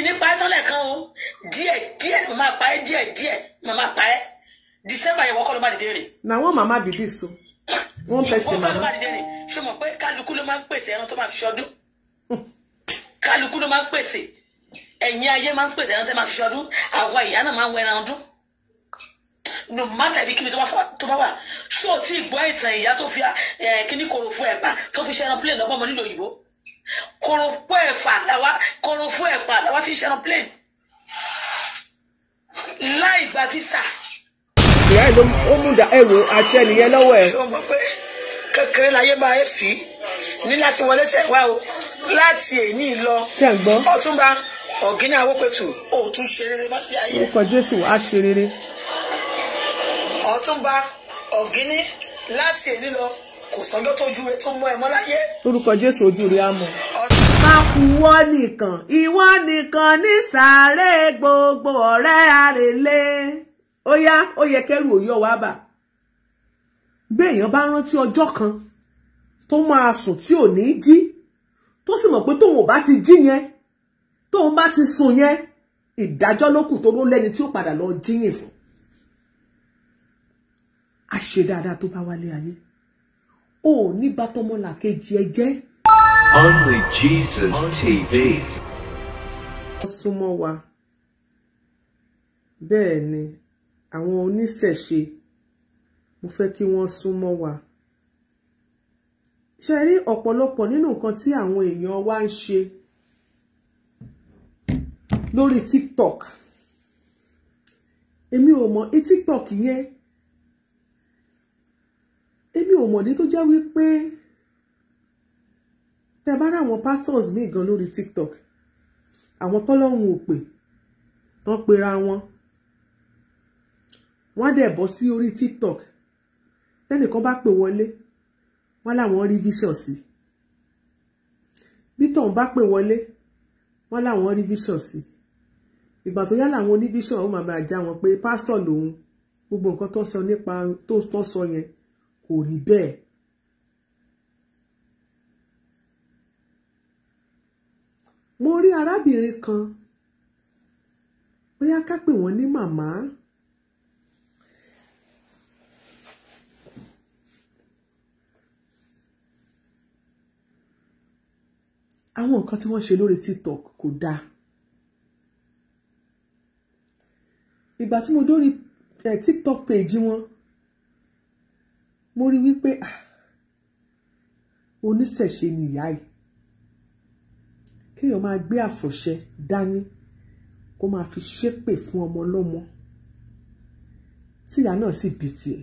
mi nípa ẹ́sọ́lẹ̀ kan o díẹ̀ díẹ̀ màmá pa ẹ́ díẹ̀ díẹ̀ màmá pa ẹ́ December yẹn wọ́n kọ́ ló má dìde rè. na wọn màmá bìbí so wọn pèsè màmá. wọn kọ́ ló má dìde rè ṣé mo pé kálukú ló máa ń pèsè ẹran tó máa fi ṣọdún kálukú ló máa ń pèsè ẹ̀yin ayé máa ń pèsè ẹran tó máa fi ṣọdún àwa ìyá náà máa ń wọ ẹran ọdún no matter ibi kíni tó bá wà ṣó o ti gbọ́ ìtàn ìyá tó fi kíní kòrò ẹ̀ bá tó fi ṣe ẹran plẹ̀ lọ́gbọ́n mọ́ nílò òyìnbó korofo ẹ̀fà làwa korofo ẹ̀pà làwa fi ṣẹran plane láì gba visa. ìyá ẹ̀ ló mú ẹrù àṣẹ nìyẹn lọ́wọ́ ẹ̀. ṣé o mọ̀ pé kékeré láyé máa ń fi ní láti wọlé tẹ̀ wá o láti èní lọ ọ̀túnba ọ̀gíní awópẹ̀tù òtún ṣe rere má bí ayé. orúkọ jésù á ṣe rere. ọ̀túnba ọ̀gíní láti èní lọ kò sọ́jọ́ tójú rẹ tó mọ ẹ mọ́ láyé. orúkọ jésù ojú rẹ á mọ. Pakuwọ́ nìkan, ìwọ nìkan ní sàárè gbogbo ọ̀rẹ́ àrèlé. Ó yá, ó yẹ kẹ́rù òyọ́ wá bà. Bí èèyàn bá rántí ọjọ́ kan tó máa sùn tí ò ní jí, tó sì mọ̀ pé tóun ò bá ti jí yẹn, tóun bá ti sùn yẹn, ìdájọ́ ló kù tó ló lẹ́ni tí ó padà lọ jíyìn fún. A ṣe dáadáa tó bá wálé ayé o ní bá tọmọlàkejì ẹ jẹ́. Only Jesus TV. wọ́n súnmọ́ wa bẹ́ẹ̀ ni àwọn oníṣẹ̀ṣe mo fẹ́ kí wọ́n súnmọ́ wa ṣe rí ọ̀pọ̀lọpọ̀ nínú nǹkan tí àwọn èèyàn wa ń ṣe lórí TikTok èmi ò mọ̀ TikTok yẹn èmi ò mọ̀dí tó jẹ́ wípé tẹ bá ráwọn pastors míì gan lórí tiktok àwọn tọ́lọ́run ò pè tán pera wọn wọ́n dẹ̀ bọ́ sí orí tiktok tẹ́nìkan bá pè wọlé wọ́n láwọn rí vision sí bí tọ̀hún bá pè wọlé wọ́n láwọn rí vision sí ìgbà tó yá làwọn oní vision ó máa bá já wọn pé pásítọ̀ lòun gbogbo nǹkan tó sọ nípa tó sọ yẹn kò rí bẹ́ẹ̀. mo rí arábìnrin kan bóyá ká pè wọ́n ní màmá. àwọn nǹkan tí wọ́n ṣe lórí tiktok kò dáa. ìgbà tí mo dórí eh, tiktok page wọn mo rí wípé ah, oníṣẹ̀ṣe ni ìyá yìí kéèyàn máa gbé àfọ̀ṣẹ dání kó máa fi ṣépè fún ọmọ ọlọ́mọ tíyà náà sì bí tiẹ̀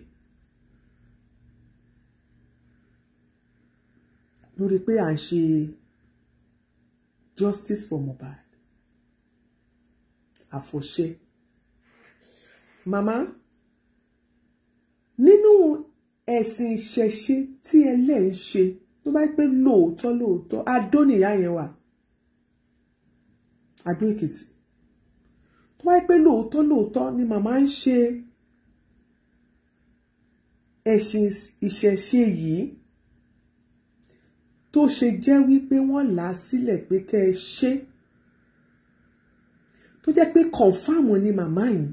lórí pé à ń ṣe justice for Mohbad àfọ̀ṣẹ màmá nínú ẹ̀sìn ìṣẹ̀ṣe tí ẹlẹ́ ń ṣe tó bá pẹ́ lóòótọ́ lóòótọ́ adó nìyá yẹn wà adó èkìtì tó bá pẹ́ lóòótọ́ lóòótọ́ ni màmá ń ṣe ẹ̀sìn ìṣẹ̀ṣe yìí tó ṣe jẹ́ wípé wọ́n là á sílẹ̀ pé kẹ́ ẹ ṣe tó jẹ́ pé kọ̀ǹfàmù ni màmá yìí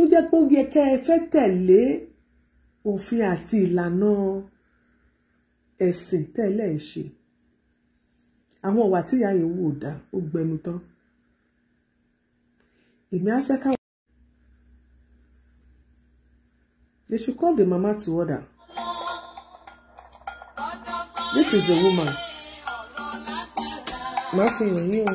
tó jẹ́ pé ó yẹ kẹ́ ẹ fẹ́ tẹ̀lé òfin àti ìlànà ẹ̀sìn tẹ́lẹ̀ ń ṣe àwọn ọ̀wà tí ìyá yìí wò dá ó gbẹnu tán èmi á fẹ́ káwọn. They should call the mama to order. This is the woman. Má fi hàn yín o.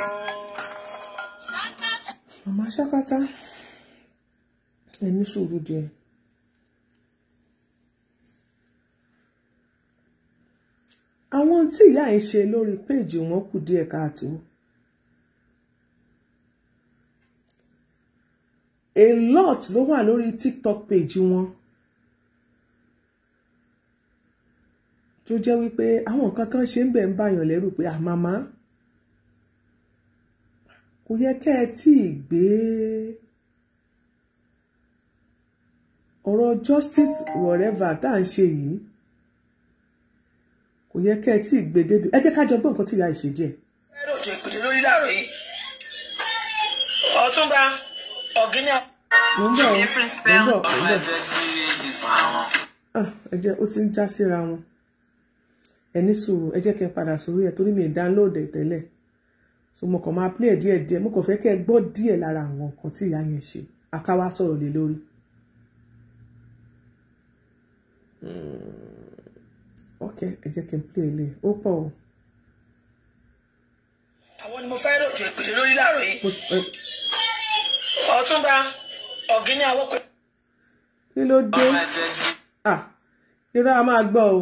àṣàkátá ẹ ní sùúrù díẹ̀. àwọn tí ìyá yìí ṣe lórí péèjì wọn kù díẹ̀ káàtó. a lot ló wà lórí tiktok page wọn tó jẹ́ wípé àwọn nǹkan kan ṣe ń bẹ̀ ń bàyàn lẹ́rù pé àmàmá. Ah, kò yẹ kẹ́ ẹ tí ì gbé ọ̀rọ̀ justice whatever tá à ń ṣe yìí kò yẹ kẹ́ ẹ tí ì gbé débi ẹ jẹ́ ká jọ gbọ́ nǹkan tí ìyá ìṣe díẹ̀. ẹ̀rọ òjò ìpìlẹ̀ lórí láàárọ̀ yìí ọ̀túnba ọ̀gíní. mo ń bọ̀ mo ń bọ̀ mo ń bọ̀ ẹ jẹ́ ó ti ń já síra wọn ẹ ní sùúrù ẹ jẹ́ kẹ́ ẹ padà sórí ẹ̀ torí mi ì dánlóòdù tẹ́lẹ̀ so mo kàn máa play díẹ̀ díẹ̀ mo kàn fẹ́ kẹ́ ẹ gbọ́ díẹ̀ lára àwọn nǹkan tí ìyá yẹn ṣe akáwá sọ̀rọ̀ lé lórí. Hmm. ok ẹ jẹ́ kí n play ilé ó pọ̀ o. àwọn ni mo fẹ́ ròjò ìpìlẹ̀ lórí láàrọ̀ yìí eh. ọ̀túnba ọ̀gíní awọ́pẹ́. kí ló dé ah irọ́ a máa gbọ́ o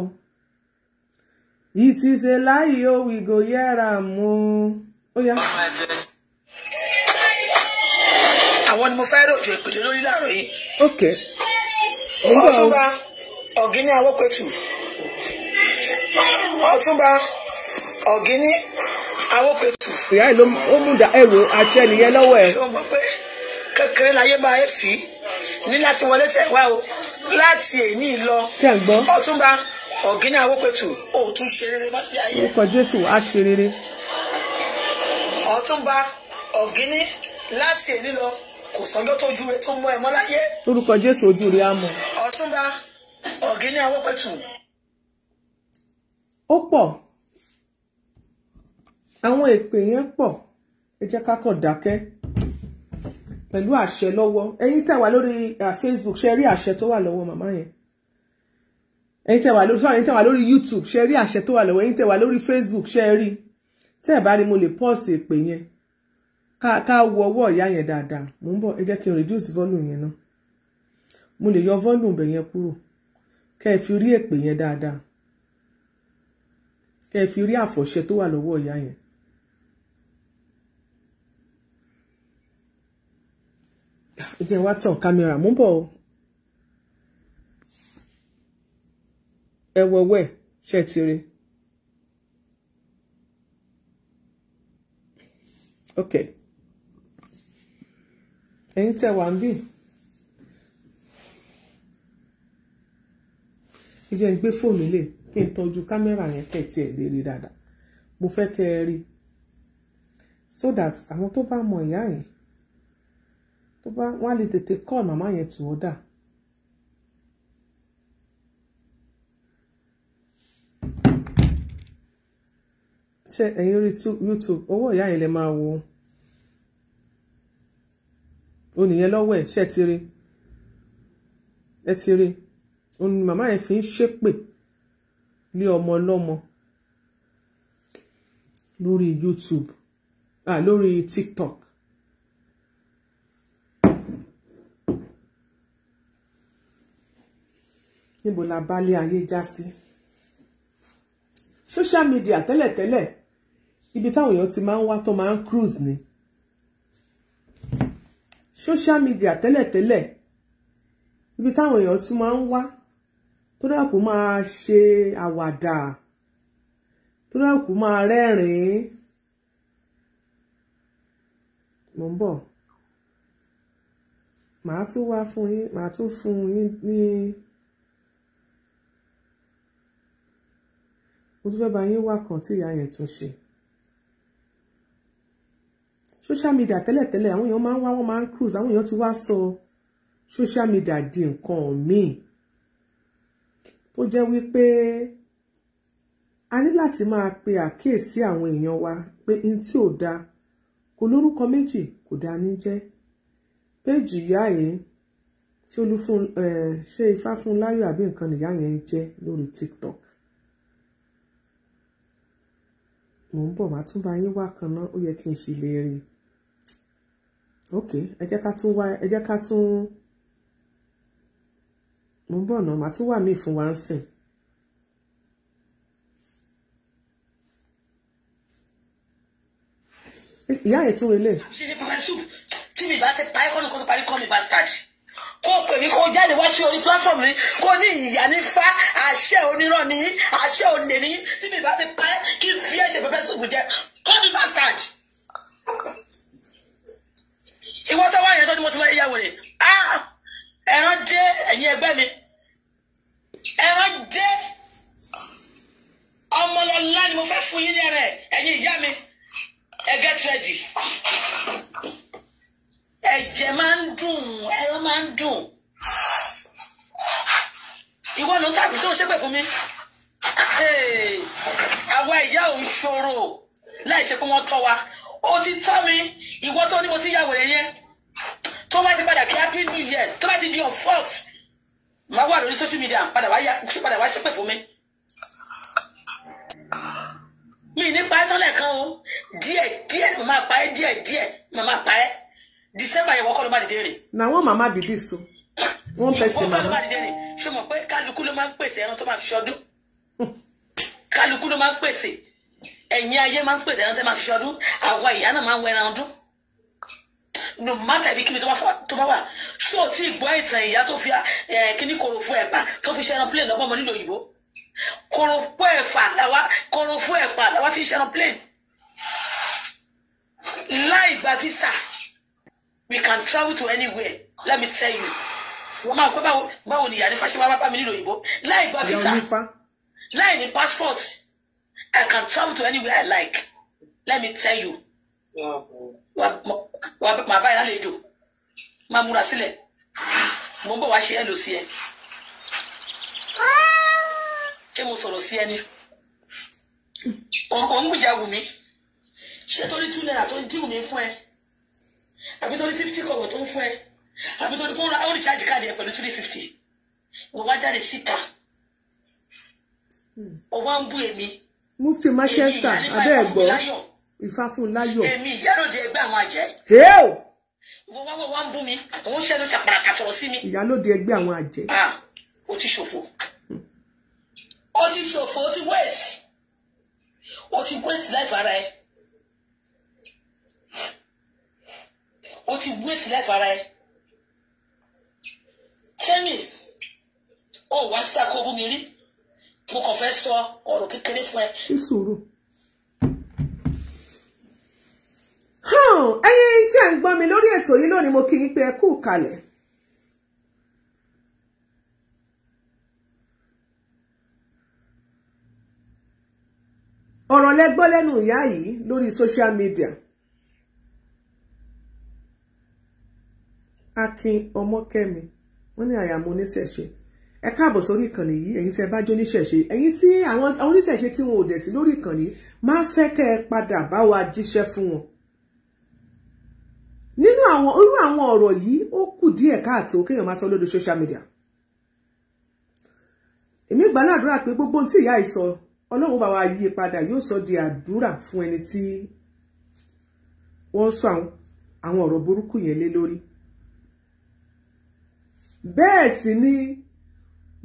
it is a lie o we go hear am o ó yá. àwọn ni mo fẹ́ ròjò ìpèdè lórí láàárọ̀ yìí. ok. ọ̀túnba ọ̀gíní awọ́pẹ̀tù ọ̀túnba ọ̀gíní awọ́pẹ̀tù. ìyá ìlú ó mú ẹrù àṣẹ nìyẹn lọ́wọ́ ẹ̀. ṣé o mọ̀ pé kékeré láyé máa ń fi ní láti wọlé tẹ̀ wá o láti èní lọ ọ̀túnba ọ̀gíní awọ́pẹ̀tù òtún ṣe rere má bí ayé. orúkọ jésù á ṣe rere. Ọ̀túnba Ọ̀gíní láti èní lọ kò sọ́jọ́ tó ju tó mọ ẹ̀mọ́ láyé. orúkọ Jésù ojú rẹ á mọ. Ọ̀túnba Ọ̀gíní Awọ́pẹ̀tù. ó pọ̀ àwọn èpè yẹn pọ̀ ẹ jẹ́ ká kàn dákẹ́ pẹ̀lú àṣẹ lọ́wọ́ ẹ̀yin tẹ́ wà lórí Facebook ṣe rí àṣẹ tó wà lọ́wọ́ màmá yẹn ẹ̀yin tẹ́ wà lórí YouTube ṣe rí àṣẹ tó wà lọ́wọ́ ẹ̀yin tẹ́ wà lórí Facebook ṣe rí tí ẹ̀ bá rí mo lè pọ́ọ̀sì èpè yẹn ká ọwọ́ ìyá yẹn dáadáa mò ń bọ̀ ẹ jẹ́ kí n reduce volume yẹn mo lè yọ volume bẹ̀ yẹn kúrò kẹ́ ẹ fi rí èpè yẹn dáadáa kẹ́ ẹ fi rí àfọ̀ṣẹ tó wà lọ́wọ́ ìyá yẹn. ẹ ok ẹ̀yin tí ẹ wà ń bì ẹ jẹ́ ń gbé fóònù lè kí n tọ́jú kámẹ́rà yẹn kẹ̀tì ẹ̀ lè rí dáadáa mo fẹ́ kẹ́ ẹ rí so that àwọn tó bá mọ ìyá yẹn tó bá wọ́n á lè tètè call màmá yẹn to order ṣe ẹ̀yin orí YouTube owó ìyá yẹn lè máa wo o nìyẹn lọ́wọ́ ẹ̀ ṣe ti rí ẹ ti rí o ní màmá yẹn fi ń ṣépè lé ọmọ ọlọ́mọ lórí YouTube ah lórí TikTok níbo la bá lé ayé já sí social media tẹ́lẹ̀tẹ́lẹ̀ ibi táwọn èèyàn ti máa ń wá tó máa ń cruise ni social media tẹ́lẹ̀tẹ́lẹ̀ ibi táwọn èèyàn ti máa ń wá tó dàpọ̀ máa ṣe àwàdà tó dàpọ̀ máa rẹ́rìn-ín mò ń bọ̀ màá tún wá fún yín màá tún fún yín ní mo tún fẹ́ bá yín wá kan tí ìyá yẹn tún ṣe social media tẹ́lẹ̀tẹ́lẹ̀ àwọn èèyàn máa ń wá wọ́n máa ń cruise àwọn èèyàn ti wá sọ social media di nǹkan míì tó jẹ́ wípé a ní láti máa pe àkíyèsí àwọn èèyàn wa pé n tí ò da kò lórúkọ méjì kò dá ní jẹ́ péjì ìyá yẹn tí olúfún ṣe ifá fún láyọ̀ àbí nǹkan nìyá yẹn ń jẹ́ lórí tiktok mò ń bọ̀ wá tún bá yín wá kan náà ó yẹ kí n sì lè rí ok ẹ jẹ́ ká tún wá ẹ jẹ́ ká tún mo ń bọ̀ ọ̀nà màá tún wà míì fún wa ń sìn. ìyá ẹ̀ tún relé. tí mi bá ti pa ẹ́ kọ́ni kó tó parí kọ́ bastard kó pè mí kó jáde wá sí orí platform mi kó ní ìyá ní fá àṣẹ onírọ́ ní àṣẹ òlè ní tí mi bá ti pa ẹ́ kí n fi ẹ̀ṣẹ̀ pẹ́pẹ́ sùn jẹ kọ́ bastard ìwọ tó wà yẹn tó ní mo ti lọ yíyá wèrè ẹran dé ẹ̀yin ẹgbẹ́ mi ẹran dé ọmọlọ́lá ni mo fẹ́ fún yín ní ẹrẹ ẹ̀yin ìyá mi ẹ get ready ẹ̀jẹ̀ máa ń dùn ẹran máa ń dùn ìwọ ló ń tàbí tó ń ṣépè fún mi àwa ìyá ò ń ṣòro láì ṣe pé wọ́n tọ́ wa ó ti tọ́ mi ìwọ tó ní mo ti yàwèrè yẹn tó bá ti padà kí happy new year tó bá ti di on first máa wà lórí social media padà wá yá padà wá ṣépè fún mi. mi nípa ẹ tọ́lẹ̀ kan o díẹ̀ díẹ̀ màmá pa ẹ́ díẹ̀ díẹ̀ màmá pa ẹ́ December yẹn wọ́kọ́ ló má dìde rè. na wọn màmá dìde so wọn pèsè màmá. wọ́kọ́ ló má dìde rè ṣé mo pé kálukú ló máa ń pèsè ẹran tó máa fi ṣọdún kálukú ló máa ń pèsè ẹ̀yin ayé máa ń pèsè ẹran tó máa fi ṣọdún àwa ìyá náà máa ń wẹ ẹran ọdún no matter ibi kíni tó bá wà ṣó tí ìgbọ́ ìtàn ìyá tó fi kíní korofo ẹ̀pà tó fi ṣẹran plane lọ́gbọ́n mọ́ nílò òyìnbó korofo ẹ̀fà làwa korofo ẹ̀pà làwa fi ṣẹran plane láì gba visa we can travel to anywhere let me tell you wọ́n máa kọ́ báwo ni ìyá nífa ṣe wá bá mi nílò òyìnbó láì gba visa láì ní passport I can travel to anywhere I like let me tell you. Yeah, màá báyìí lálejò máa múra sílẹ̀ mo ń bọ̀ wá ṣe ẹ́ lò sí ẹ ṣé mo sọ̀rọ̀ sí ẹni òun gbìjà wù mí ṣé torí two naira tó ń dí wù mí fún ẹ àbí torí fifty kọ̀wọ̀ tó ń fún ẹ àbí torí kó ń ra ó charge card ẹ pẹ̀lú three fifty mo wá jáde síta ó hmm. wá ń bú èmi. mufti Manchester abẹ́ ẹ̀ gbọ́. Ifá fún láyọ̀. Èmi ìyálòde ẹgbẹ́ àwọn àjẹ́. Èèw. Wọ́n wá wọ́n ń bú mi, òun ṣẹ́nu tàpàràtà sọ̀rọ̀ sí mi. Ìyálòde ẹgbẹ́ àwọn àjẹ́. Ah, o ti ṣòfò. O ti ṣòfò, o ti wẹ̀sì. O ti wẹ̀sì láìfọ ara ẹ. O ti wẹ̀sì láìfọ ara ẹ. Tẹ́mi, o wá sí àkóbú mi rí. Mo kàn fẹ́ sọ ọ̀rọ̀ kékeré fún ẹ. Ìṣòro. náà ẹ̀yin tí ẹ ń gbọ́ mi lórí ètò yìí lónìí mo kí yín pé ẹ kú kalẹ̀. ọ̀rọ̀ lẹ lẹ́nu ìyá yìí lórí social media. Akin Ọmọkẹ́mi wọ́n ní àyàmú oníṣẹ̀ṣe ẹ káàbọ̀ sórí ìkànnì yìí ẹ̀yin tí ẹ bá jó oníṣẹ̀ṣe ẹ̀yin tí àwọn oníṣẹ̀ṣe tí wọn ò dẹ̀ sí lórí ìkànnì máa fẹ́ kẹ́ ẹ padà bá wa jíṣẹ́ fún wọn nínú àwọn irú àwọn ọ̀rọ̀ yìí ó kù díẹ̀ káàtó kéèyàn máa sọ lórí social media èmi gbà ládùúrà pé gbogbo ohun tí ìyá yìí sọ ọlọ́run bá wa yí padà yóò sọ di àdúrà fún ẹni tí wọ́n sọ àwọn ọ̀rọ̀ burúkú yẹn lé lórí bẹ́ẹ̀ sì ni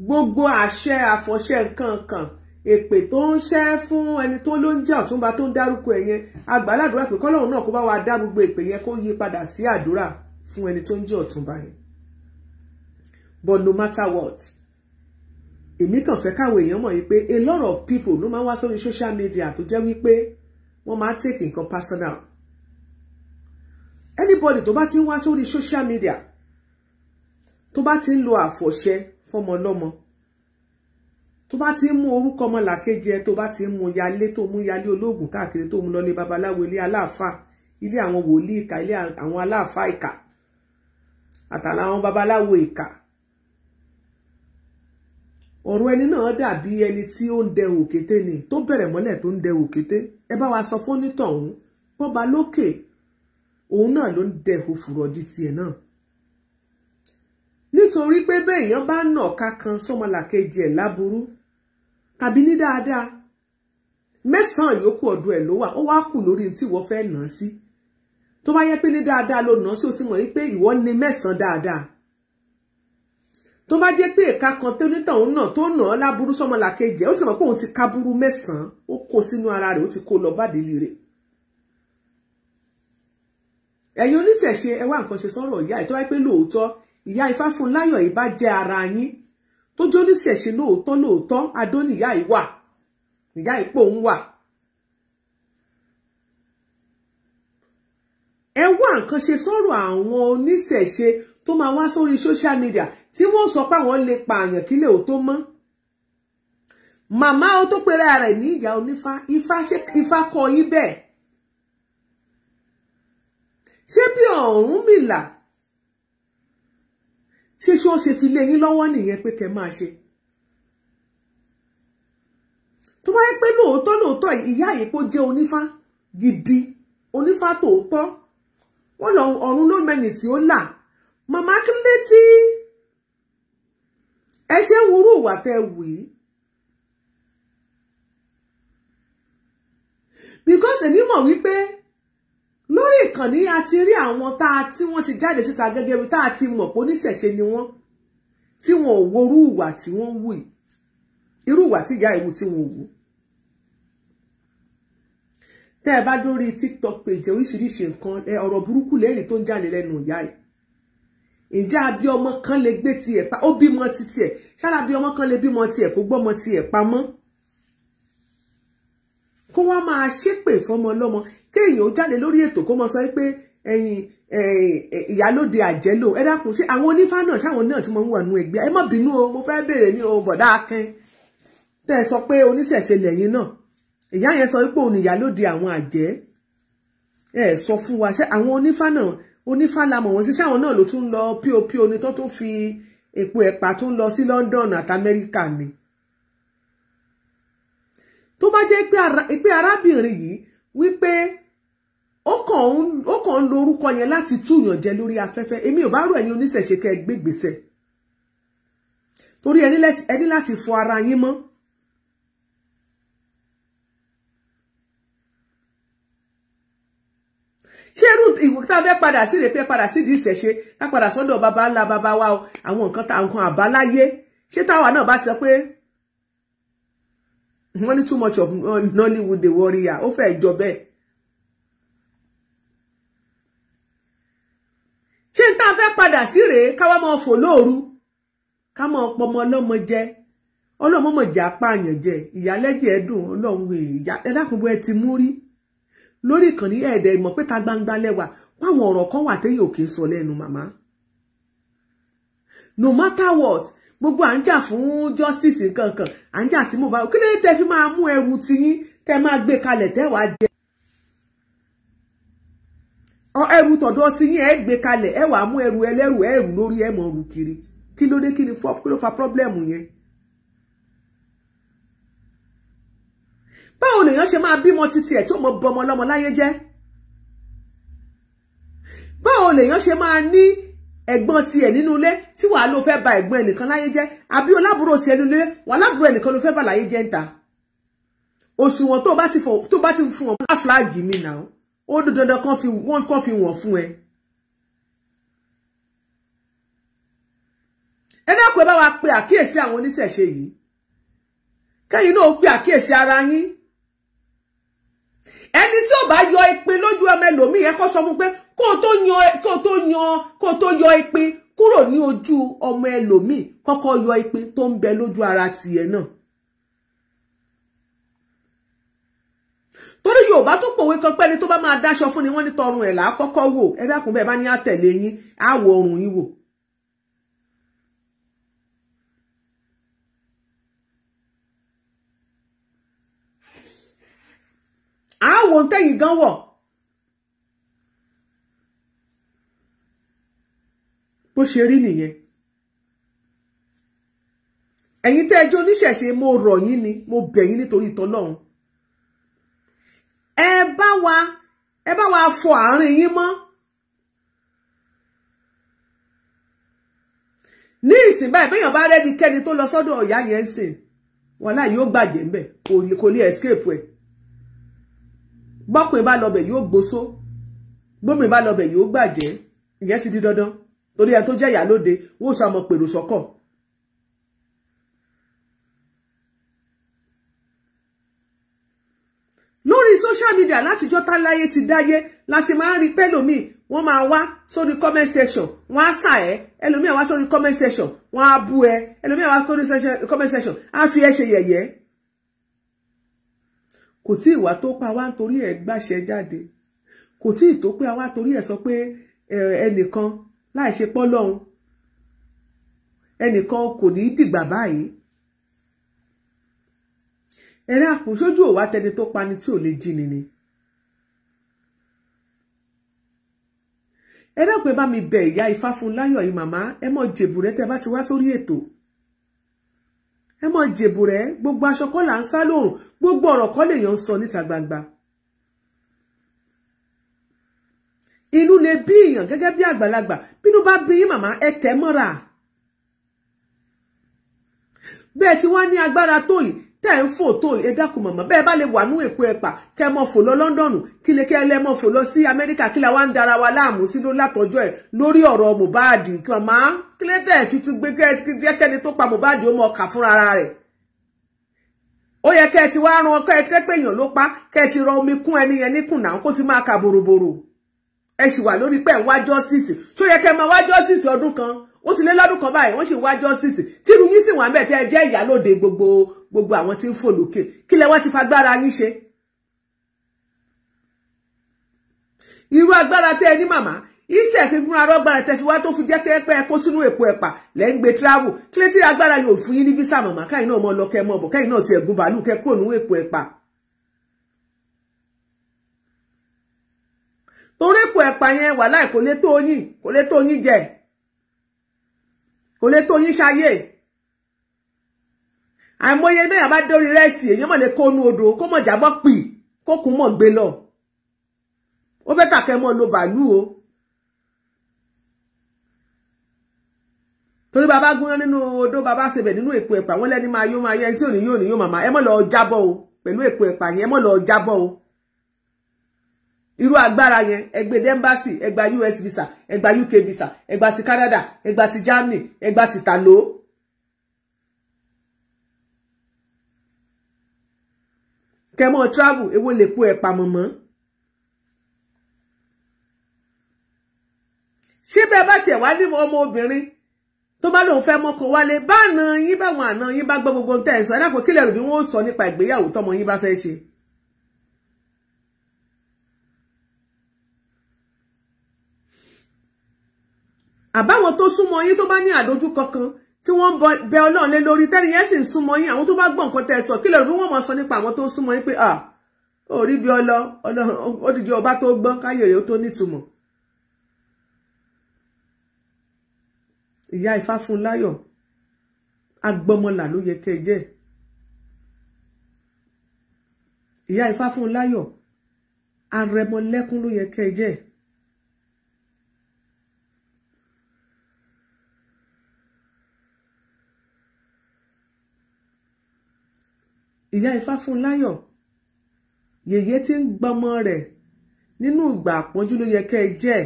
gbogbo àṣẹ àfọ̀ṣẹ nǹkan kan èpè tó ń ṣẹ́ fún ẹni tó ló ń jẹ́ ọ̀túnba tó ń dárúkọ ẹ̀ yẹn pé kọ́lọ́run náà kó bá wa dá gbogbo èpè yẹn kó yí padà sí àdúrà fún ẹni tó ń jẹ́ ọ̀túnba yẹn but no matter what èmi kàn fẹ́ káwọn èèyàn mọ̀ yìí pé a lot of people ló máa ń wá sórí social media tó jẹ́ wípé wọ́n máa ń take nǹkan personal anybody tó bá ti ń wá sórí social media tó bá ti ń lo àfọ̀ṣẹ fọmọlọ́mọ tó bá ti ń mú orúkọ ọmọlàkejì ẹ tó bá ti ń mú yálé tó mú yálé olóògùn káàkiri tó mú lọ ilé babaláwo ilé aláàfáà ilé àwọn wòlíì ìkà ilé àwọn aláàfáà ìkà àtàlà àwọn babaláwo ìkà ọ̀rọ̀ ẹni náà dàbí ẹni tí ó ń dẹ òkété ni tó bẹ̀rẹ̀ mọ́lẹ̀ tó ń dẹ òkété ẹ bá wa sọ fún onítọ̀hún bọ́ba lókè òun náà ló ń dẹ òfurọ̀dí tiẹ̀ náà nítorí pé bẹ́ẹ̀ èèyàn bá nà ká kan sọ́mọlàkejì ẹ̀ láburú tàbí ní dáadáa mẹ́sàn-án yòókù ọ̀dọ̀ ẹ̀ ló wà ó wá kù lórí tí ìwọ fẹ́ nà á sí tó bá yẹ pé ní dáadáa ló nà á sí ó ti mọ̀ wípé ìwọ ní mẹ́sàn-án dáadáa tó bá jẹ́ pé ìka kan tó nítàn òun náà tó nà á láburú sọ́mọlàkejì ó ti mọ̀ pé òun ti kábúrú mẹ́sàn-án ó kó sínú ara rẹ̀ ó ti kó lọ bádìí rẹ̀ ẹ̀yin oníṣẹ̀ṣe ẹ wá nǹkan ṣe sọ́rọ̀ ìyá ìtọ́ wáyé pé lóòótọ́ ìyá Ifáfúnláyọ̀ yìí bá jẹ́ ara yín tó jó níṣẹ̀ṣe lóòótọ́ lóòótọ́ adó níyà yìí wà níyà ipò ń wà. ẹ wá nǹkan ṣe sọ̀rọ̀ àwọn oníṣẹ̀ṣe tó máa wá sórí social media tí wọ́n sọ pé àwọn lè pààyàn kílẹ̀ ò tó mọ́ màmá o tó pèrè ara ẹ̀ ní ìyá onífá ifá ṣe ifá kọ yín bẹ́ẹ̀ ṣé bí Ọ̀rúnmìlà ṣé ṣé wọ́n ṣe fi lé yín lọ́wọ́ nìyẹn pé kẹ́ máa ṣe tó bá yẹ pé lóòótọ́ lóòótọ́ ìyá yìí jẹ́ onífá gidi onífá tòótọ́ wọ́n lọ ọ̀run ló mẹ́ni tí ó là màmá kílódé tí ẹ ṣe ń wúrú ìwà tẹ́ wù í because èmi mọ̀ wípé lórí ìkànnì a ti rí àwọn tá a tí wọ́n ti jáde síta gẹ́gẹ́ bí tá a ti mọ̀ pé oníṣẹ̀ṣe ni wọ́n tí wọn ò wo irú ìwà tí wọ́n ń wù yìí irú ìwà tí ìyá ìwù tí wọn wù. tẹ́ ẹ bá dórí tiktok page oríṣiríṣi nǹkan ọ̀rọ̀ burúkú lẹ́rìí tó ń jáde lẹ́nu ìyá yìí ǹjẹ́ abí ọmọ kan lè gbé tiẹ̀ pa ó bímọ ti tiẹ̀ ṣáà abí ọmọ kan lè bímọ tiẹ̀ kó gbọ́mọ tiẹ̀ pamọ́ kó wá máa ṣépè fọmọ ọlọ́mọ kéèyàn ó jáde lórí ètò kó mọ sọ pé ẹ̀yin ìyálóde àjẹlò ẹ dákun ṣé àwọn onífá náà ṣáwọn náà tí mo ń wà nú ẹgbẹ́ ẹ má bínú o mo fẹ́ bèèrè ní o bọ̀dá akin tẹ́ ẹ sọ pé oníṣẹ̀ṣe lẹ́yìn náà ìyá yẹn sọ pé òun ìyálóde àwọn àjẹ́ ẹ sọ fún wa ṣé àwọn onífá náà onífá la mọ̀ wọ́n sí ṣáwọn náà ló tún lọ píopío ni tó tún fi èpo ẹ̀pà tún lọ sí London àti Amẹ́ríkà ni tó bá jẹ́ pé arábìnrin yìí wípé ó kàn ń lo orúkọ yẹn láti túyàn jẹ lórí afẹ́fẹ́ èmi ò bá rò ẹ̀yin oníṣẹ̀ṣe kẹ́ ẹ gbégbèsè torí ẹni láti fọ ara yín mọ́. ṣé irú ìwò fẹ́ padà sí rèé padà sí ìdíṣẹ̀ ṣe ká padà sọ́dọ̀ baba ńlá baba wa o àwọn nǹkan tá nǹkan àbáláyé ṣé táwa náà bá ti sọ pé only too much of uh, Nollywood dey worry ya ó fẹ́ jọ bẹ́ẹ̀. ṣé n tá a fẹ́ padà sí rèé ká wá máa fò lóru ká máa pọmọ ọlọ́mọ jẹ ọlọ́mọ mọ̀ jẹ́ apáàyàn jẹ ìyálẹ́jẹ̀ ẹ̀dùn ọlọ́run èèyàn ẹ̀dákùnbó ẹ ti mú rí lórí ìkànnì ẹ̀ẹ́dẹ̀ ìmọ̀ pé ta gbangba lẹ́wà páwọn ọ̀rọ̀ kan wà téèyàn kì í sọ lẹ́nu màmá no matter what gbogbo à ń jà fún justice nǹkan à ń jà sí Mohbad kí ló dé tẹ́ fi máa mú ẹrù tiyín tẹ́ máa gbé kalẹ̀ tẹ́ wàá jẹ ẹrù tọ̀dọ̀ tiyín ẹ gbé kalẹ̀ ẹ wàá mú ẹrù ẹlẹ́rù ẹrù lórí ẹ mọ̀ rù kiri kí ló dé kí ni fọ́ kí ló fa pọ́blẹ́mù yẹn. báwo lèèyàn ṣe máa bímọ títí ẹ̀ tó mọ bọmọ lọ́mọ láyé jẹ́ báwo lèèyàn ṣe máa ní ẹ̀gbọ́n tiẹ̀ nínú ilé tí wàá ló fẹ́ ba ẹ̀gbọ́n ẹnìkan láyé jẹ́ àbí olábùrò tiẹ̀ nínú ilé wàá lábùrò ẹnìkan ló fẹ́ bà láyé jẹ́ ń ta òṣùwọ̀n tó bá ti fọ̀ tó bá ti fún wọn bá mi nà ó dún dandan kan fi wọ́n kan fi wọ̀n fún ẹ. ẹ dákun ẹ bá wa pe àkíyèsí àwọn oníṣẹ̀ṣe yìí kẹ́yìn náà ó pe àkíyèsí ara yín ẹni tí ò bá yọ ìpín lójú ọmọ ẹlòmíì yẹn kọ́ sọ fún pé kó tó yan kó tó yan kó tó yọ ìpín kúrò ní ojú ọmọ ẹlòmíì kọ́kọ́ yọ ìpín tó ń bẹ lójú ara tiẹ̀ náà torí Yorùbá tó pòwe kan pẹ́ni tó bá máa dáṣọ fún ni wọ́n ní tọrùn ẹ̀ là kọ́kọ́ wò ẹ dákun bẹ́ẹ̀ bá ní àtẹ̀lé yín á wo yín wò. àwọn ohun gan wọ̀ bó ṣe rí nìyẹn ẹ̀yin tẹ́ ẹjọ́ oníṣẹ̀ṣe mo rọ̀ yín ni mo bẹ̀ yín nítorí tọ́lọ́run ẹ bá wa ẹ bá wa fọ àárín yín mọ́ ní ìsìn báyìí béèyàn bá rẹ́ni kẹ́ni tó lọ sọ́dọ̀ ọ̀yá yẹn sìn wọn náà yóò gbàjẹ́ ńbẹ̀ kò lè escape ẹ̀ gbọ́kùnrin bá lọ bẹ̀ yóò gbóṣó gbómìnir bá lọ bẹ̀ yóò gbàjẹ́ ìyẹn ti di dandan torí ẹni tó jẹ́ ìyálóde wọ́n ṣàmọ̀ pèrò sọ́kọ̀ lórí social media látijọ́ táláyé ti dáyé láti máa ń rí pẹ́lòmíì wọ́n máa wá sórí comment section wọ́n á sà ẹ́ ẹlòmíì wá sórí comment section wọ́n á bú ẹ ẹlòmíì wá sórí comment section á fi ẹ́ ṣe yẹ̀yẹ́ kò tí ìwà tó pa wá nítorí ẹ̀ gbàṣẹ jáde kò tí ì tó pé àwa torí ẹ̀ sọ pé ẹnìkan láì ṣe pọ́lọ́hún ẹnìkan kò ní í dìgbà báyìí ẹ̀rẹ́ àkùnṣojú òwá tẹni tó pani tí ò lè jìnnì ni ẹ dápẹ́ bá mi bẹ̀ ìyá ifá fún láyọ̀ yìí màmá ẹ mọ̀ jèbùrẹ́ tẹ bá ti wá sórí ètò ẹ mọ̀ jèbùrẹ́ gbogbo aṣọ kọ́ là ń sá lóòrùn gbogbo ọ̀rọ̀ kọ́ lèèyàn ń sọ níta gbangba. inú lè bí èèyàn gẹ́gẹ́ bí àgbàlagbà bínú bá mama yín màmá Be tẹ̀ mọ́ra bẹ́ẹ̀ tí wọ́n ní agbára tó yìí tẹ́ ń fò tó ẹ dákun màmá bẹ́ẹ̀ bá lè wà ní èkó ẹ̀pà kẹ́ mọ́ fò lọ lọ́ndọ̀nù kí lè kẹ́ lẹ́ mọ́ fò lọ sí amẹ́ríkà kí la wá ń dara wa láàmú sí ló látọjọ́ ẹ̀ lórí ọ̀rọ̀ mohbad màmá kí lè tẹ̀ fi tún gbé jẹ́ kẹ́ni tó pa mohbad ó mọ kà fúnra rẹ̀ ó yẹ kẹ́ ẹ ti wá ran ọkọ ẹ kẹ́ pé èèyàn ló pa kẹ́ ti rọ omi kún ẹni yẹn níkùn náà kó ti máa kà bòròbòrò ẹ sì wà lórí pé ẹ ń wá justice tó yẹ kẹ́ máa wá justice ọdún kan ó ti lé lọ́dún kan báyìí wọ́n sì ń wá justice tírú yín sì wà ń bẹ̀ tẹ́ ẹ jẹ́ ìyálòde gbogbo gbogbo àwọn tí ń fò lókè kí lẹ wá ti fagbára yín ṣe. irú agbára tẹ́ ẹ ní màmá iṣẹ́ ìpín fúnra rọ́gbára tẹ́ fi wá tó fi jẹ́ kẹ́ pẹ́ kó sínú èpo ẹ̀pà lẹ́ ń gbé travel kí lè tí agbára yóò fún yín ní visa màmá káyìn náà mọ́ lọ kẹ́ mọ́ bọ̀ káyìn náà ti ẹ̀gún bàálù kẹ́ kúrò nínú èpo ẹ̀pà. torí kò ẹ̀pà yẹn wà láì kò lè tó yín kò lè tó yín jẹ kò lè tó yín ṣayé àìmọye bẹ́ẹ̀ bá dórí rẹ́sì èyí mọ̀ lè kónú odò kó mọ̀ jábọ́ pì kókùn mọ̀ gbé lọ ó bẹ́ tàkẹ́ mọ́ lo bàálù o torí bàbá gúnyán nínú odó bàbá sebẹ̀ nínú èpo ẹ̀pà wọ́n lẹ́ni máa yó máa yẹ tí ò ní yóò ní yóò màmá ẹ mọ̀ lọ jábọ́ o pẹ̀lú èpo ẹ̀pà yẹn ẹ mọ̀ lọ jábọ́ o irú agbara yẹn Egbe dẹ́mbàsì ẹgbà US visa ẹgbà UK visa ẹgbà ti Canada ẹgbà ti Germany ẹgbà ti tàló. kẹmọ travel Ewo lè po ẹ̀pà mọ̀mọ́. ṣé bẹ́ẹ̀ bá tiẹ̀ wá ní ọmọ obìnrin tó bá lóun fẹ́ mọ́kọ wálé bá àna yín báwọn àna yín bá gbọ́ gbogbo ohun tẹ̀ ẹ̀ sọ ẹ̀ dàpọ̀ kílẹ̀ rò bí wọ́n ó sọ nípa ìgbéyàwó mo yín ba fẹ́ ṣe. àbáwọn tó súnmọ́ yín tó bá ní àdójúkọ kan tí wọ́n ń bẹ ọlọ́run lé lórí tẹ́ni yẹn sì ń súnmọ́ yín àwọn tó bá gbọ́ nǹkan tẹ́ ẹ sọ kí lóòrùn bí wọ́n mọ̀ sọ nípa àwọn tó ń súnmọ́ yín pé à ó rí bí ọlọ odidi ọba tó gbọ́ káyè rèé ó tó nítumọ̀. ìyá ifá fún láyọ̀ agbọmọlà ló yẹ kẹ jẹ́ ìyá ifá fún láyọ̀ arẹmọlẹ́kún ló yẹ kẹ jẹ́. ìyá Ifáfúnláyọ̀ yèyé tí ń gbọmọ rẹ̀ nínú ìgbà àpọ́njú ló yẹ kẹ́ ẹ jẹ́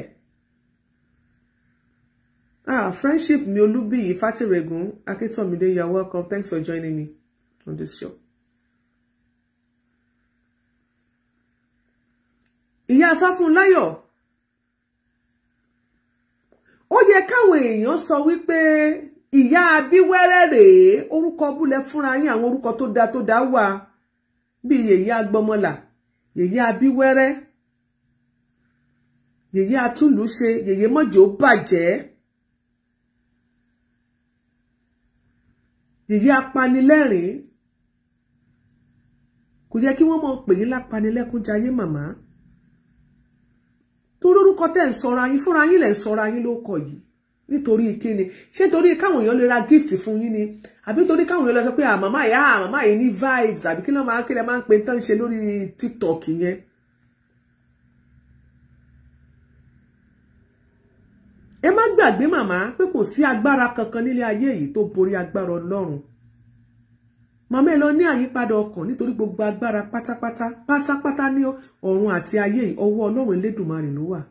ah friendship mi Olúbíyì Fátìrẹ̀gùn Akíntọ́mídé you are welcome thanks for joining me on this show. ìyá Fáfúnláyọ̀ ó yẹ káwọn èèyàn sọ wípé ìyá abíwẹ́rẹ́ rèé orúkọ búlẹ̀ fúnra yín àwọn orúkọ tó da tó da wà bí yèyí agbọmọlà yèyí abíwẹ́rẹ́ yèyí atúlùṣe yèyí mọ́jọ́ bàjẹ́ yèyí apanilẹ́rìn kò yẹ kí wọ́n mọ̀ pè yín lápanilẹ́kúnjayé màmá torórúkọ tẹ́ ń sọra yín fúnra yín lẹ́ ń sọra yín ló yìí nítorí kíni ṣé nítorí káwọn èèyàn lè ra gift fún yín ni àbí nítorí káwọn èèyàn lọ sọ pé à ah, màmá ìyá màmá ní vibes àbí kí ló máa kí lè máa ń pe tán ṣe lórí tiktok yẹn. ẹ má gbàgbé màmá pé kò sí agbára kankan nílé ayé yìí tó borí agbára ọlọ́run màmá ẹ lọ ní àyípadà ọkàn nítorí gbogbo agbára pátápátá pátápátá ní ọ̀run àti ayé ọwọ́ ọlọ́run elédùnmarè ló wà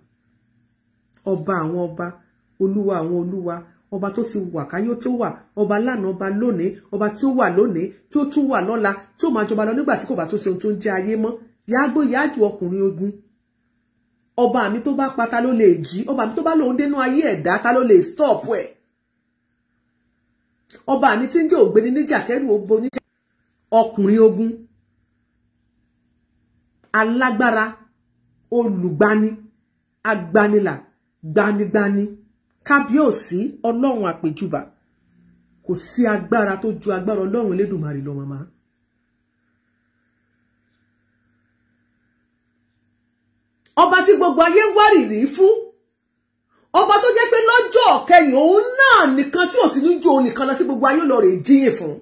ọba àwọn ọba olúwa àwọn olúwa ọba tó ti wà káyó tó wà ọba lánàá ọba lónìí ọba tí ó wà lónìí tí ó tún wà lọ́la tí ó máa jọba lọ nígbà tí kò bá tó ṣe ohun tó ń jẹ ayé mọ́ yàgbó yàjù ọkùnrin ogun ọba mi tó bá pa ta ló lè jí ọba mi tó bá lòun dénú ayé ẹ̀dá ta ló lè stop ẹ̀ ọba mi tí ń jẹ́ ògbéni níjà kẹ́rù obo níjà ọkùnrin ogun alágbára olùgbani agbanilà gbanigbani. Gbani kábíyèsí ọlọ́run àpèjúbà kò sí agbára tó ju agbára ọlọ́run elédùnmarè lọ màmá. ọba tí gbogbo ayé ń wárìrì fún ọba tó jẹ́ pé lọ́jọ́ kẹyìn òun náà nìkan tí ò sí ní ju òun nìkan lọ tí gbogbo ayé lọ rè jíyìn fún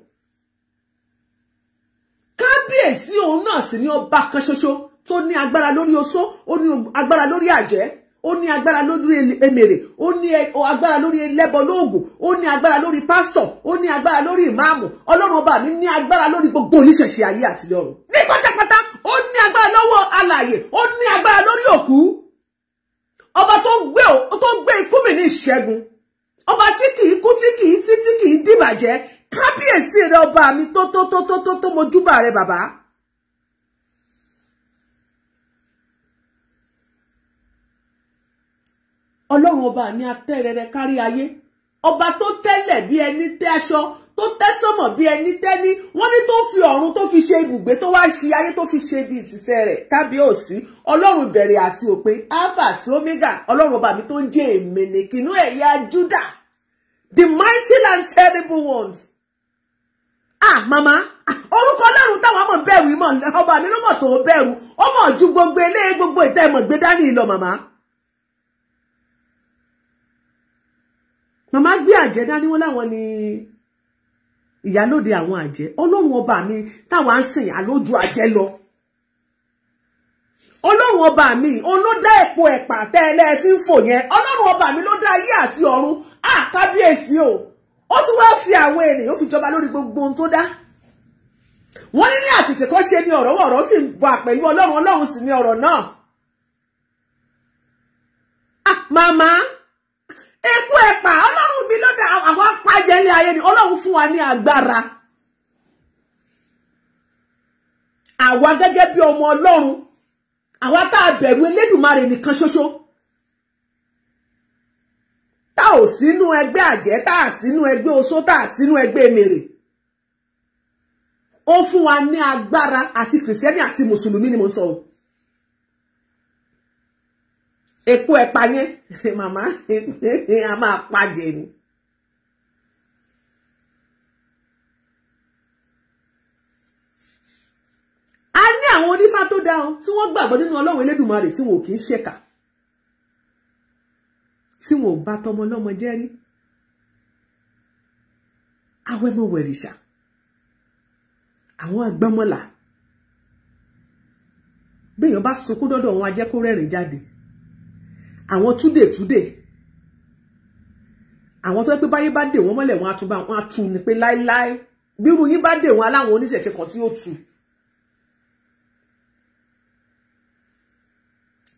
kábíyèsí òun náà sì ní ọba kan ṣoṣo tó ní agbára lórí oṣó ó ní agbára lórí àjẹ́ ó ní agbára lórí emèrè ó ní agbára lórí ẹlẹ́bọ lóògùn ó ní agbára lórí pásítọ̀ ó ní agbára lórí ìmáàmù ọlọ́run ọba mi ní agbára lórí gbogbo oníṣẹ̀ṣe ayé àti lọ́run ní pátápátá ó ní agbára lọ́wọ́ alààyè ó ní agbára lórí òkú ọba tó gbé tó gbé ikú mi ní ìṣẹ́gun ọba tí kì kú tí kì tí tí dìbàjẹ́ kábíyèsí rẹ ọba mi tó tó tó tó tó mojúbà rẹ bàbá. ọlọ́run ọba mi atẹ́rẹrẹ kárí ayé ọba tó tẹ́lẹ̀ bí ẹni tẹ́ aṣọ tó tẹ́ sọ́mọ̀ bí ẹni tẹ́ni wọ́n ní tó fi ọ̀run tó fi ṣe ibùgbé tó wá fi ayé tó fi ṣe ibi ìtìsẹ̀ rẹ̀ kábíyèsí ọlọ́run bẹ̀rẹ̀ àti òpin alpha àti omega ọlọ́run ọba mi tó ń jẹ́ èmènìkìnú ẹ̀yà juda the mighty and terrible ones. ah mama orúkọ ọlọ́run táwọn ọmọ bẹ̀rù ìmọ̀ ọba mi ló mọ̀ tó bẹ̀rù ọmọ ju gbogbo eléyé gbogbo ìtẹ́ ìmọ̀ gbé dání lọ màmá. màmá gbé àjẹ́ dání wọn láwọn ni ìyálóde àwọn àjẹ́ ọlọ́run ọba mi táwa ń sìn àlójú àjẹ́ lọ ọlọ́run ọba mi òun ló dá èpo ẹ̀pà tẹ́lẹ̀ fi ń fò yẹn ọlọ́run ọba mi ló dá ayé àti ọ̀run á kábíyèsí o ó tún wá fi àwọn ènìyàn ó fi jọba lórí gbogbo ohun tó dá wọ́n ní ní àtìtì kan ṣe ni ọ̀rọ̀ ọ̀rọ̀ sì ń bọ̀ pẹ̀lú ọlọ́run ọlọ́run sì ni ọ̀rọ̀ náà màmá èpo ẹ̀pà ọlọ́run àwọn apájẹ ilé ayé ni ọlọ́run fún wa ní agbára àwa gẹ́gẹ́ bí ọmọ ọlọ́run àwa tá a bẹ̀rù elédùnmarè nìkan ṣoṣo tá ò sínú ẹgbẹ́ àjẹ́ tá à sínú ẹgbẹ́ oṣó tá à sínú ẹgbẹ́ emèrè ó fún wa ní agbára àti kìrìsìtẹ́nì àti mùsùlùmí ni mo sọ epo ẹ̀pà yẹn màmá a máa pàjẹ́ ni. a ní àwọn onífá tó dá o tí wọ́n gbàgbọ́ nínú ọlọ́run elédùnmarè tí wọn ò kì í ṣèkà tí wọn ò bá tọmọ lọ́mọ jẹ́ rí àwọn ẹmọ wẹ̀rìṣà àwọn agbọ́mọlà béèyàn bá sunkún dọ́dọ̀ wọn ajẹ́ kó rẹ́rìn jáde àwọn túdè túdè àwọn tó pé báyé bá dè wọ́n mọ́lẹ̀ wọn á tún bá wọn á tún ni pé láéláé bírú yín bá dè wọn aláwọn oníṣẹ̀ṣe kan tí ó tù.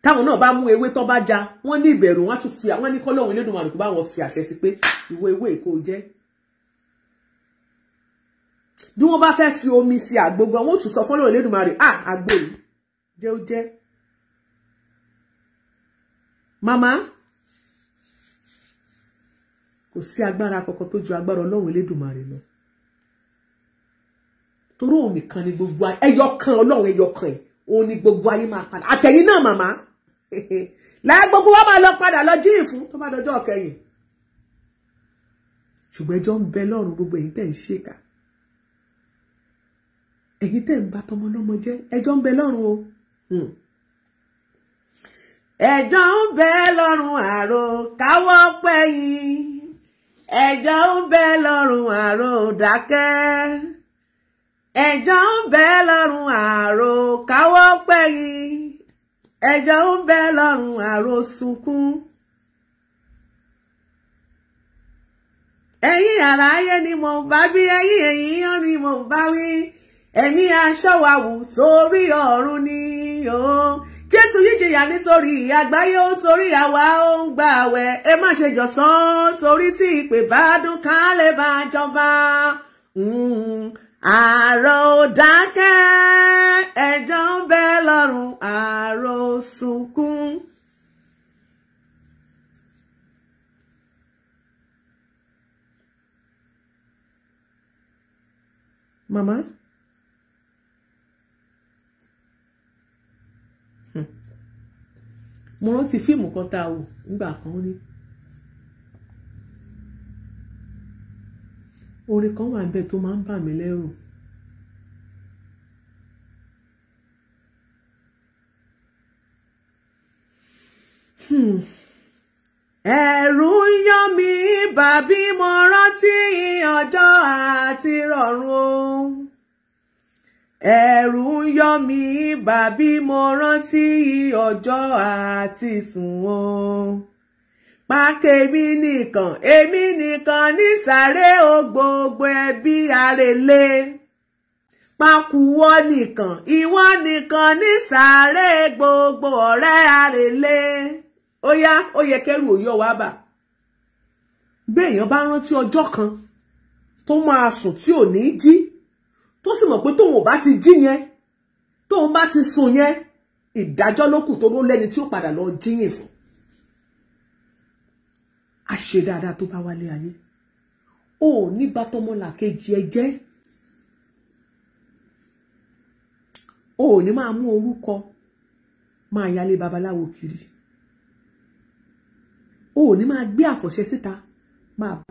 táwọn náà bá mú ewé tó bá já wọn ní ìbẹ̀rù wọn tún fi àwọn ní kọ́lọ́hún Elédùmarè kó bá wọn fi àṣẹ sí pé ìwọ ewé èkó jẹ́ bí wọ́n bá fẹ́ fi omi sí àgbo gan wọ́n tún sọ fọ́lọ́hún Elédùmarè à ah, àgbo yìí jẹ́ ó jẹ́ màmá kò sí agbára kankan tó ju agbára ọlọ́run Elédùmarè lọ torí òun nìkan ni gbogbo ayé ẹyọ kan ọlọ́run ẹyọ kan ẹ̀ òun ni gbogbo ayé máa padà àtẹ̀yìn náà màmá. láì gbogbo wa máa lọ padà lọ jíyìn fún tó bá dọjọ́ kẹyìn ṣùgbọ́n ẹjọ́ ń bẹ lọ́rùn gbogbo èyí tẹ̀ ń ṣèkà èyí tẹ̀ ń bá tọmọ lọ́mọ jẹ́ ẹjọ́ ń bẹ lọ́rùn o hmm. ẹjọ́ ń bẹ lọ́rùn àrò káwọ́ pẹ́yìn ẹjọ́ ń bẹ lọ́rùn àrò dákẹ́ ẹjọ́ ń bẹ lọ́rùn àrò káwọ́ pẹ́yìn. ẹ̀jẹ̀ ń bẹ lọ́rùn àròsùnkún ẹ̀yin àráyé ni mò ń bá bí ẹ̀yin èyíyàn ni mò ń bá wí ẹ̀mí aṣọ́wàwù torí ọ̀run ni o Jésù yíjìyà nítorí àgbáyé ó torí àwa ó ń gbà wẹ̀ ẹ má ṣe jọ̀sán torí tí ìpè bá dún ká bá jọba. Mm-hmm àrò ò dákẹ́ ẹjọ́ ń bẹ lọ́rùn àrò sunkún. màmá hmm. mo rántí fíìmù kan tá a wò nígbà kan ní. orin kan wà níbẹ̀ tó máa ń bà mí lẹ́rù. Hmm. ẹ̀rù ń yọ mí bàbí mo rántí ọjọ́ àti rọ̀run o ẹ̀rù ń yọ mí bàbí mo rántí ọjọ́ àti sùn o pàkèmí nìkan èmi nìkan nísàré o gbogbo ẹbí arèlé pàkúwọ́ nìkan ìwọ nìkan nísàré gbogbo ọ̀rẹ́ arèlé ó yá ó yẹ kẹrù òyọ wá bà béèyàn bá rántí ọjọ́ kan tó máa sùn tí ò ní jí tó sì mọ̀ pé tóun ò bá ti jí yẹn tóun bá ti sùn yẹn ìdájọ́ ló kù tó ló lẹ́ni tí ó padà lọ jíyìn fún á ṣe dáadáa tó bá wálé ayé o ò ní bá tọmọlàkejì ẹ jẹ́ o ò ní máa mú orúkọ máa yálé babaláwo kiri o ò ní máa gbé àfọ̀ṣẹ síta máa bá.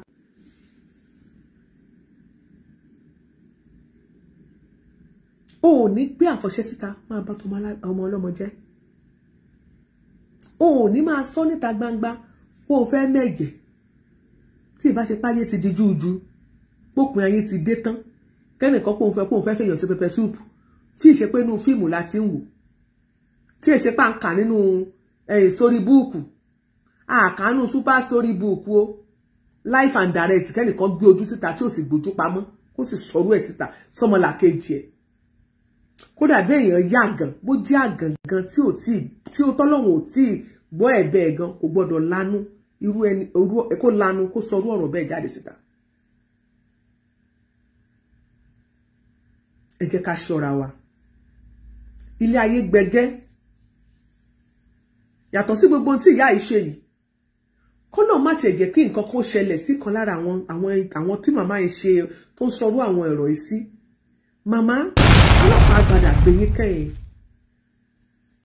o ò ní gbé àfọ̀ṣẹ síta máa bá tọmọ ọlọ́mọ jẹ́ o ò ní máa sọ níta gbangba kó o fẹ́ mẹ̀jẹ̀ tí ìbá ṣe páyé ti di júùjú pópin ayé ti dé tán kẹ́nìkan pòun fẹ́ pòun fẹ́ fèèyàn sí pẹpẹ súùpù tí ìṣe pé inú fíìmù la ti ń wò tí èṣe pà ń kà nínú story book àkánú super story book o life and direct kẹ́nìkan gbé ojú síta tí ò sì gbójú pamọ́ kó sì sọ̀rọ̀ ẹ̀ síta sọmọlà kejì ẹ̀ kódà bí èèyàn yá gan bó jẹ́ àgàngàn tí ò tí tí ó tọ́lọ́wọ̀n ò tí gbọ́ ẹ̀bẹ̀ gan kò gbọ́dọ̀ lánú irú ẹni orú kó lanu kó sọ orú ọ̀rọ̀ bẹ́ẹ̀ jáde síta. ẹ jẹ́ ká ṣọ́ra wa ilé ayé gbẹgẹ́ yàtọ̀ sí gbogbo tí ìyá yìí ṣe yìí kọ́nà má tiẹ̀ jẹ́ kí nǹkan kó ṣẹlẹ̀ sí kan lára àwọn àwọn àwọn tí màmá yìí ṣe tó ń sọrú àwọn ẹ̀rọ yìí sí màmá ọlọ́pàá gbadà gbẹ̀yìn